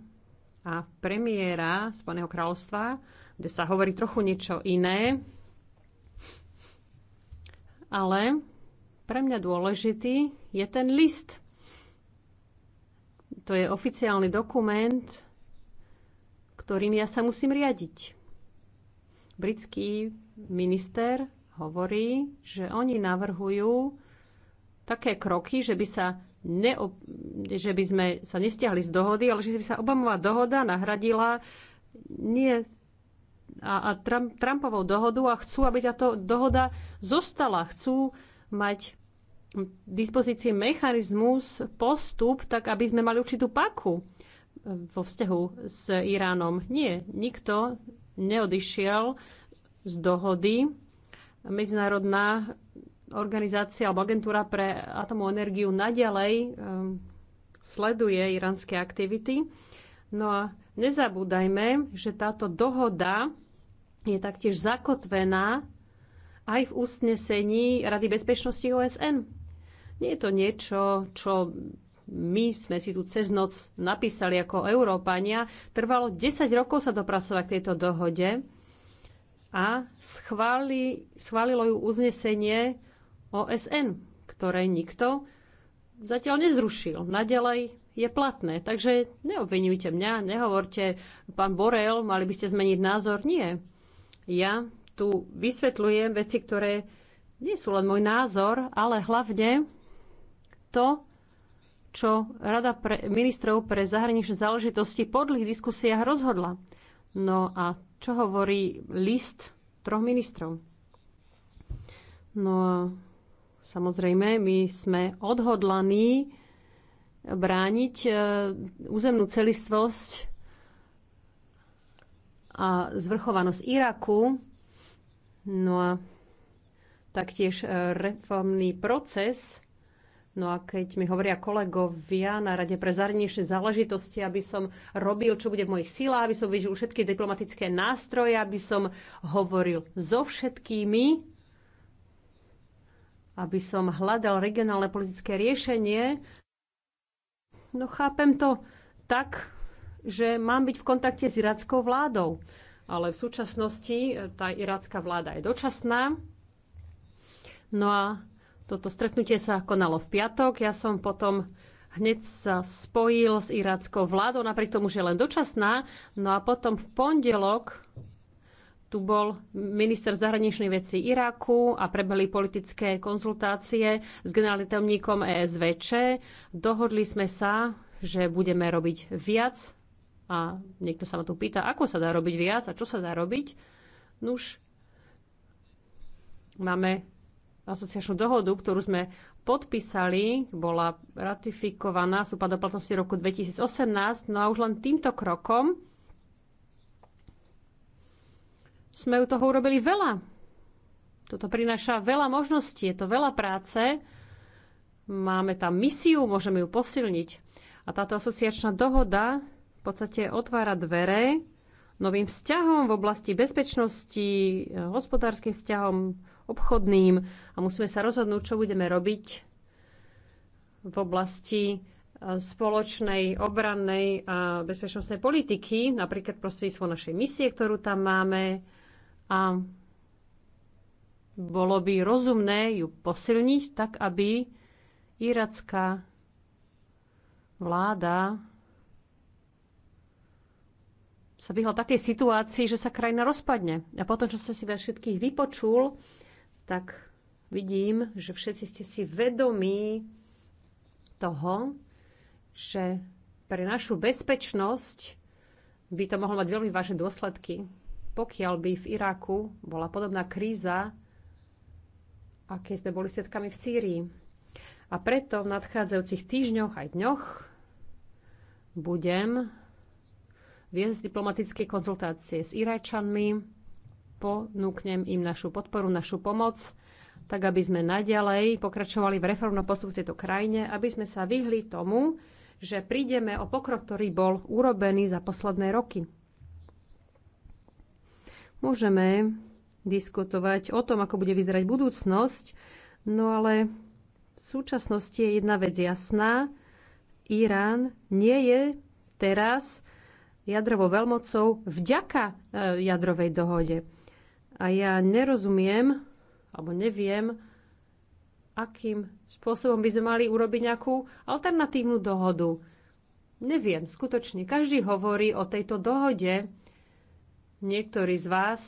a premiéra Spojeného kráľovstva, kde sa hovorí trochu niečo iné. Ale pre mňa dôležitý je ten list. To je oficiálny dokument, ktorým ja sa musím riadiť. Britský minister hovorí, že oni navrhujú také kroky, že by sa neob- že by sme sa nestiahli z dohody, ale že by sa Obamová dohoda nahradila nie a, a Trump, Trumpovou dohodu a chcú, aby táto dohoda zostala. Chcú mať dispozícii mechanizmus, postup, tak aby sme mali určitú paku vo vzťahu s Iránom. Nie, nikto neodišiel z dohody. Medzinárodná organizácia alebo agentúra pre atomovú energiu naďalej um, sleduje iránske aktivity. No a nezabúdajme, že táto dohoda je taktiež zakotvená aj v usnesení Rady bezpečnosti OSN. Nie je to niečo, čo my sme si tu cez noc napísali ako Európania. Trvalo 10 rokov sa dopracovať k tejto dohode a schváli, schválilo ju uznesenie OSN, ktoré nikto zatiaľ nezrušil. Nadalej je platné. Takže neobvinujte mňa, nehovorte, pán Borel, mali by ste zmeniť názor. Nie. Ja tu vysvetľujem veci, ktoré nie sú len môj názor, ale hlavne to, čo Rada pre, ministrov pre zahraničné záležitosti po dlhých diskusiách rozhodla. No a čo hovorí list troch ministrov? No a Samozrejme, my sme odhodlaní brániť e, územnú celistvosť a zvrchovanosť Iraku. No a taktiež e, reformný proces. No a keď mi hovoria kolegovia na Rade pre zahraničné záležitosti, aby som robil, čo bude v mojich silách, aby som využil všetky diplomatické nástroje, aby som hovoril so všetkými, aby som hľadal regionálne politické riešenie. No chápem to tak, že mám byť v kontakte s irackou vládou. Ale v súčasnosti e, tá iracká vláda je dočasná. No a toto stretnutie sa konalo v piatok. Ja som potom hneď sa spojil s irackou vládou, napriek tomu, že je len dočasná. No a potom v pondelok tu bol minister zahraničnej veci Iraku a prebehli politické konzultácie s generálnym tajomníkom ESVČ. Dohodli sme sa, že budeme robiť viac a niekto sa ma tu pýta, ako sa dá robiť viac a čo sa dá robiť. Nuž, máme asociačnú dohodu, ktorú sme podpísali, bola ratifikovaná, súpa do platnosti roku 2018, no a už len týmto krokom sme u toho urobili veľa. Toto prináša veľa možností, je to veľa práce. Máme tam misiu, môžeme ju posilniť. A táto asociačná dohoda v podstate otvára dvere novým vzťahom v oblasti bezpečnosti, hospodárskym vzťahom, obchodným a musíme sa rozhodnúť, čo budeme robiť v oblasti e, spoločnej obrannej a bezpečnostnej politiky, napríklad prostredníctvom našej misie, ktorú tam máme, a bolo by rozumné ju posilniť tak, aby iracká vláda sa vyhla takej situácii, že sa krajina rozpadne. A potom, čo som si vás všetkých vypočul, tak vidím, že všetci ste si vedomí toho, že pre našu bezpečnosť by to mohlo mať veľmi vážne dôsledky pokiaľ by v Iraku bola podobná kríza, aké sme boli svetkami v Sýrii. A preto v nadchádzajúcich týždňoch aj dňoch budem viesť diplomatické konzultácie s Iračanmi, ponúknem im našu podporu, našu pomoc, tak aby sme naďalej pokračovali v reformnom postupu v tejto krajine, aby sme sa vyhli tomu, že prídeme o pokrok, ktorý bol urobený za posledné roky. Môžeme diskutovať o tom, ako bude vyzerať budúcnosť, no ale v súčasnosti je jedna vec jasná. Irán nie je teraz jadrovou veľmocou vďaka e, jadrovej dohode. A ja nerozumiem, alebo neviem, akým spôsobom by sme mali urobiť nejakú alternatívnu dohodu. Neviem, skutočne. Každý hovorí o tejto dohode, Niektorí z vás